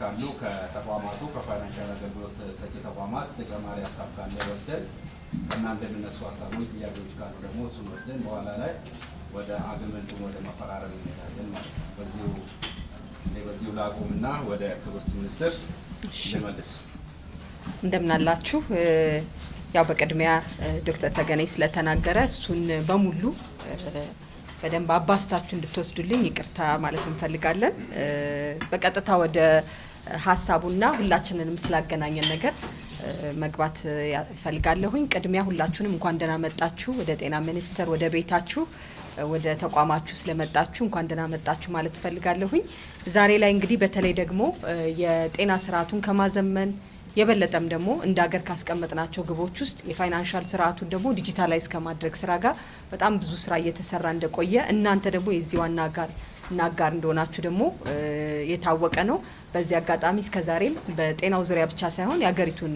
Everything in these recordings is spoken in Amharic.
ካሉ ከተቋማቱ ከፋይናንሻል አገልግሎት ሰጪ ተቋማት ተጨማሪ ሀሳብ ካለ ወስደን እና የሚነሱ ሀሳቦች፣ ጥያቄዎች ካሉ ደግሞ እሱን ወስደን በኋላ ላይ ወደ አግመንቱ ወደ መፈራረም እንሄዳለን ማለት ነው። በዚሁ ላቁም ላቁምና ወደ ክብርት ሚኒስትር ልመልስ። እንደምናላችሁ ያው በቅድሚያ ዶክተር ተገነኝ ስለተናገረ እሱን በሙሉ በደንብ አባስታችሁ እንድትወስዱልኝ ይቅርታ ማለት እንፈልጋለን። በቀጥታ ወደ ሀሳቡና ሁላችንንም ስላገናኘን ነገር መግባት ይፈልጋለሁኝ። ቅድሚያ ሁላችሁንም እንኳን ደህና መጣችሁ ወደ ጤና ሚኒስቴር፣ ወደ ቤታችሁ፣ ወደ ተቋማችሁ ስለመጣችሁ እንኳን ደህና መጣችሁ ማለት እፈልጋለሁኝ። ዛሬ ላይ እንግዲህ በተለይ ደግሞ የጤና ስርዓቱን ከማዘመን የበለጠም ደግሞ እንደ ሀገር ካስቀመጥናቸው ግቦች ውስጥ የፋይናንሻል ስርዓቱን ደግሞ ዲጂታላይዝ ከማድረግ ስራ ጋር በጣም ብዙ ስራ እየተሰራ እንደቆየ እናንተ ደግሞ የዚህ ዋና ጋር እና ጋር እንደሆናችሁ ደግሞ የታወቀ ነው። በዚህ አጋጣሚ ዛሬም በጤናው ዙሪያ ብቻ ሳይሆን የሀገሪቱን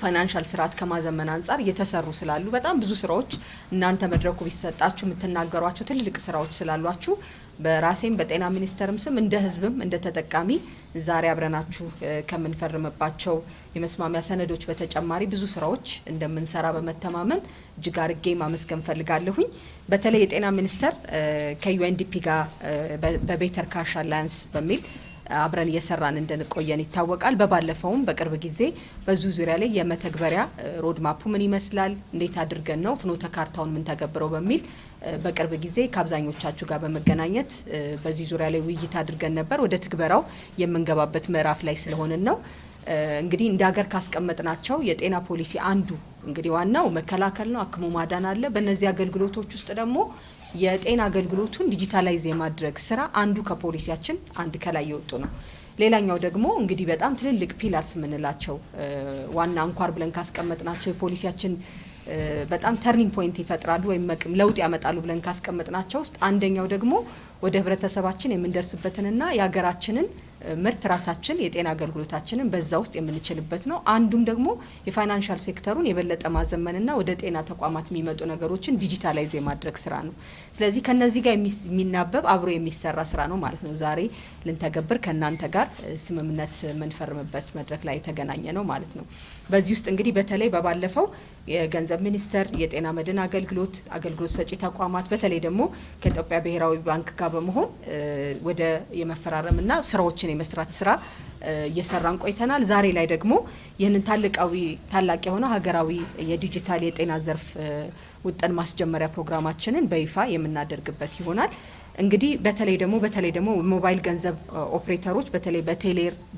ፋይናንሻል ስርዓት ከማዘመን አንጻር እየተሰሩ ስላሉ በጣም ብዙ ስራዎች እናንተ መድረኩ ቢሰጣችሁ የምትናገሯቸው ትልልቅ ስራዎች ስላሏችሁ በራሴም በጤና ሚኒስቴርም ስም እንደ ህዝብም እንደ ተጠቃሚ ዛሬ አብረናችሁ ከምንፈርምባቸው የመስማሚያ ሰነዶች በተጨማሪ ብዙ ስራዎች እንደምንሰራ በመተማመን እጅግ አርጌ ማመስገን ፈልጋለሁኝ። በተለይ የጤና ሚኒስቴር ከዩኤንዲፒ ጋር በቤተር ካሽ አላያንስ በሚል አብረን እየሰራን እንደንቆየን ይታወቃል። በባለፈውም በቅርብ ጊዜ በዙ ዙሪያ ላይ የመተግበሪያ ሮድማፑ ምን ይመስላል፣ እንዴት አድርገን ነው ፍኖተ ካርታውን ምን ተገብረው በሚል በቅርብ ጊዜ ከአብዛኞቻችሁ ጋር በመገናኘት በዚህ ዙሪያ ላይ ውይይት አድርገን ነበር። ወደ ትግበራው የምንገባበት ምዕራፍ ላይ ስለሆንን ነው። እንግዲህ እንደ ሀገር ካስቀመጥናቸው የጤና ፖሊሲ አንዱ እንግዲህ ዋናው መከላከል ነው፣ አክሞ ማዳን አለ። በእነዚህ አገልግሎቶች ውስጥ ደግሞ የጤና አገልግሎቱን ዲጂታላይዝ የማድረግ ስራ አንዱ ከፖሊሲያችን አንድ ከላይ የወጡ ነው። ሌላኛው ደግሞ እንግዲህ በጣም ትልልቅ ፒላርስ የምንላቸው ዋና አንኳር ብለን ካስቀመጥናቸው የፖሊሲያችን በጣም ተርኒንግ ፖይንት ይፈጥራሉ ወይም ለውጥ ያመጣሉ ብለን ካስቀመጥናቸው ውስጥ አንደኛው ደግሞ ወደ ህብረተሰባችን የምንደርስበትንና የሀገራችንን ምርት ራሳችን የጤና አገልግሎታችንን በዛ ውስጥ የምንችልበት ነው። አንዱም ደግሞ የፋይናንሻል ሴክተሩን የበለጠ ማዘመንና ወደ ጤና ተቋማት የሚመጡ ነገሮችን ዲጂታላይዝ የማድረግ ስራ ነው። ስለዚህ ከነዚህ ጋር የሚናበብ አብሮ የሚሰራ ስራ ነው ማለት ነው። ዛሬ ልንተገብር ከእናንተ ጋር ስምምነት የምንፈርምበት መድረክ ላይ የተገናኘ ነው ማለት ነው። በዚህ ውስጥ እንግዲህ በተለይ በባለፈው የገንዘብ ሚኒስቴር የጤና መድን አገልግሎት አገልግሎት ሰጪ ተቋማት በተለይ ደግሞ ከኢትዮጵያ ብሔራዊ ባንክ ጋር በመሆን ወደ የመፈራረምና ስራዎችን የመስራት ስራ እየሰራን ቆይተናል። ዛሬ ላይ ደግሞ ይህንን ታልቃዊ ታላቅ የሆነ ሀገራዊ የዲጂታል የጤና ዘርፍ ውጥን ማስጀመሪያ ፕሮግራማችንን በይፋ የምናደርግበት ይሆናል። እንግዲህ በተለይ ደግሞ በተለይ ደግሞ ሞባይል ገንዘብ ኦፕሬተሮች በተለይ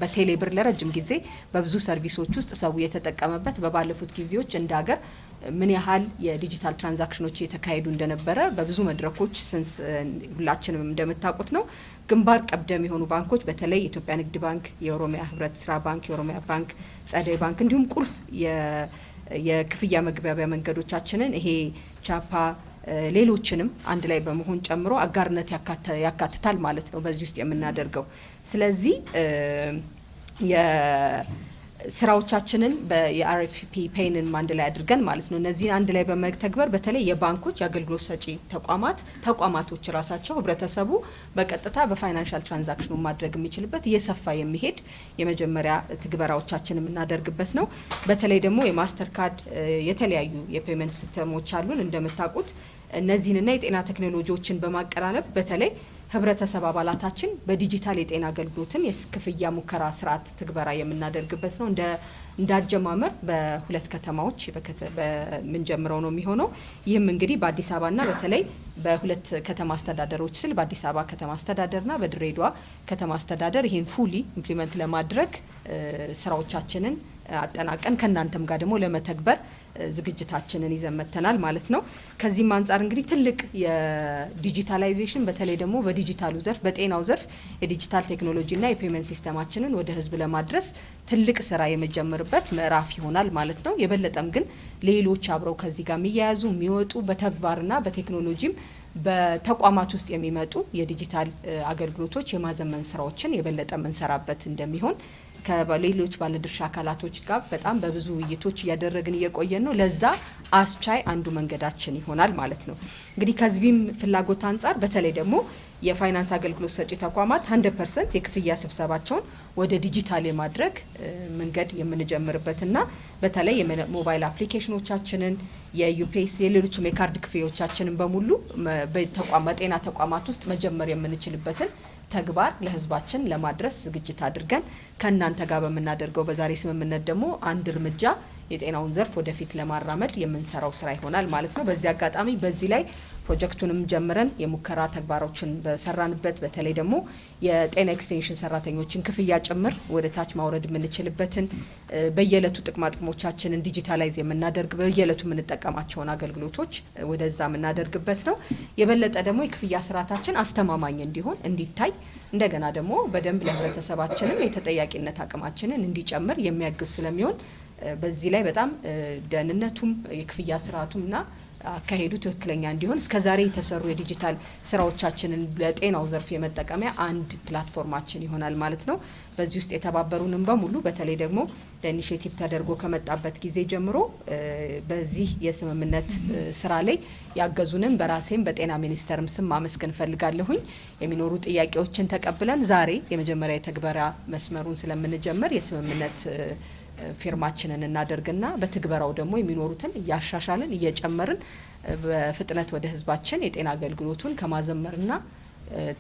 በቴሌ ብር ለረጅም ጊዜ በብዙ ሰርቪሶች ውስጥ ሰው የተጠቀመበት በባለፉት ጊዜዎች እንደ ሀገር ምን ያህል የዲጂታል ትራንዛክሽኖች የተካሄዱ እንደነበረ በብዙ መድረኮች ስንስ ሁላችንም እንደምታውቁት ነው። ግንባር ቀደም የሆኑ ባንኮች በተለይ የኢትዮጵያ ንግድ ባንክ፣ የኦሮሚያ ህብረት ስራ ባንክ፣ የኦሮሚያ ባንክ፣ ጸደይ ባንክ እንዲሁም ቁልፍ የክፍያ መግቢያቢያ መንገዶቻችንን ይሄ ቻፓ ሌሎችንም አንድ ላይ በመሆን ጨምሮ አጋርነት ያካትታል ማለት ነው በዚህ ውስጥ የምናደርገው። ስለዚህ ስራዎቻችንን የአርኤፍፒ ፔይንን አንድ ላይ አድርገን ማለት ነው። እነዚህን አንድ ላይ በመተግበር በተለይ የባንኮች የአገልግሎት ሰጪ ተቋማት ተቋማቶች ራሳቸው ህብረተሰቡ በቀጥታ በፋይናንሻል ትራንዛክሽኑ ማድረግ የሚችልበት እየሰፋ የሚሄድ የመጀመሪያ ትግበራዎቻችን የምናደርግበት ነው። በተለይ ደግሞ የማስተር ካርድ የተለያዩ የፔመንት ሲስተሞች አሉን እንደምታውቁት እነዚህንና የጤና ቴክኖሎጂዎችን በማቀራረብ በተለይ ህብረተሰብ አባላታችን በዲጂታል የጤና አገልግሎትን የክፍያ ሙከራ ስርዓት ትግበራ የምናደርግበት ነው። እንዳጀማመር በሁለት ከተማዎች የምንጀምረው ነው የሚሆነው። ይህም እንግዲህ በአዲስ አበባና በተለይ በሁለት ከተማ አስተዳደሮች ስል በአዲስ አበባ ከተማ አስተዳደርና በድሬዳዋ ከተማ አስተዳደር ይህን ፉሊ ኢምፕሊመንት ለማድረግ ስራዎቻችንን አጠናቀን ከእናንተም ጋር ደግሞ ለመተግበር ዝግጅታችንን ይዘመተናል ማለት ነው። ከዚህም አንጻር እንግዲህ ትልቅ የዲጂታላይዜሽን በተለይ ደግሞ በዲጂታሉ ዘርፍ በጤናው ዘርፍ የዲጂታል ቴክኖሎጂና የፔመንት ሲስተማችንን ወደ ህዝብ ለማድረስ ትልቅ ስራ የመጀመርበት ምዕራፍ ይሆናል ማለት ነው። የበለጠም ግን ሌሎች አብረው ከዚህ ጋር የሚያያዙ የሚወጡ በተግባርና በቴክኖሎጂም በተቋማት ውስጥ የሚመጡ የዲጂታል አገልግሎቶች የማዘመን ስራዎችን የበለጠ የምንሰራበት እንደሚሆን ከሌሎች ባለድርሻ አካላቶች ጋር በጣም በብዙ ውይይቶች እያደረግን እየቆየን ነው። ለዛ አስቻይ አንዱ መንገዳችን ይሆናል ማለት ነው። እንግዲህ ከዚህም ፍላጎት አንጻር በተለይ ደግሞ የፋይናንስ አገልግሎት ሰጪ ተቋማት 100 ፐርሰንት የክፍያ ስብሰባቸውን ወደ ዲጂታል የማድረግ መንገድ የምንጀምርበትና በተለይ የሞባይል አፕሊኬሽኖቻችንን የዩፒኤስ የሌሎችም የካርድ ክፍያዎቻችንን በሙሉ በተቋማ ጤና ተቋማት ውስጥ መጀመር የምንችልበትን ተግባር ለህዝባችን ለማድረስ ዝግጅት አድርገን ከእናንተ ጋር በምናደርገው በዛሬ ስምምነት ደግሞ አንድ እርምጃ የጤናውን ዘርፍ ወደፊት ለማራመድ የምንሰራው ስራ ይሆናል ማለት ነው። በዚህ አጋጣሚ በዚህ ላይ ፕሮጀክቱንም ጀምረን የሙከራ ተግባሮችን በሰራንበት በተለይ ደግሞ የጤና ኤክስቴንሽን ሰራተኞችን ክፍያ ጭምር ወደ ታች ማውረድ የምንችልበትን በየዕለቱ ጥቅሞቻችንን ዲጂታላይዝ የምናደርግ በየዕለቱ የምንጠቀማቸውን አገልግሎቶች ወደዛ የምናደርግበት ነው። የበለጠ ደግሞ የክፍያ ስርዓታችን አስተማማኝ እንዲሆን እንዲታይ እንደገና ደግሞ በደንብ ለህብረተሰባችንም የተጠያቂነት አቅማችንን እንዲጨምር የሚያግዝ ስለሚሆን በዚህ ላይ በጣም ደህንነቱም የክፍያ ስርዓቱም እና አካሄዱ ትክክለኛ እንዲሆን እስከ ዛሬ የተሰሩ የዲጂታል ስራዎቻችንን ለጤናው ዘርፍ የመጠቀሚያ አንድ ፕላትፎርማችን ይሆናል ማለት ነው። በዚህ ውስጥ የተባበሩንም በሙሉ በተለይ ደግሞ ለኢኒሽቲቭ ተደርጎ ከመጣበት ጊዜ ጀምሮ በዚህ የስምምነት ስራ ላይ ያገዙንም በራሴም በጤና ሚኒስቴርም ስም ማመስገን ፈልጋለሁኝ። የሚኖሩ ጥያቄዎችን ተቀብለን ዛሬ የመጀመሪያ የተግበራ መስመሩን ስለምንጀምር የስምምነት ፊርማችንን እናደርግና በትግበራው ደግሞ የሚኖሩትን እያሻሻልን እየጨመርን በፍጥነት ወደ ህዝባችን የጤና አገልግሎቱን ከማዘመርና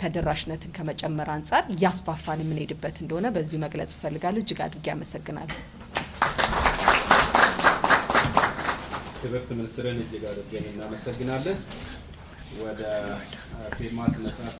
ተደራሽነትን ከመጨመር አንጻር እያስፋፋን የምንሄድበት እንደሆነ በዚሁ መግለጽ እፈልጋለሁ። እጅግ አድርጌ አመሰግናለሁ። ክብርት ሚኒስትርን እጅግ አድርገን እናመሰግናለን። ወደ ፊርማ ስነስርዓት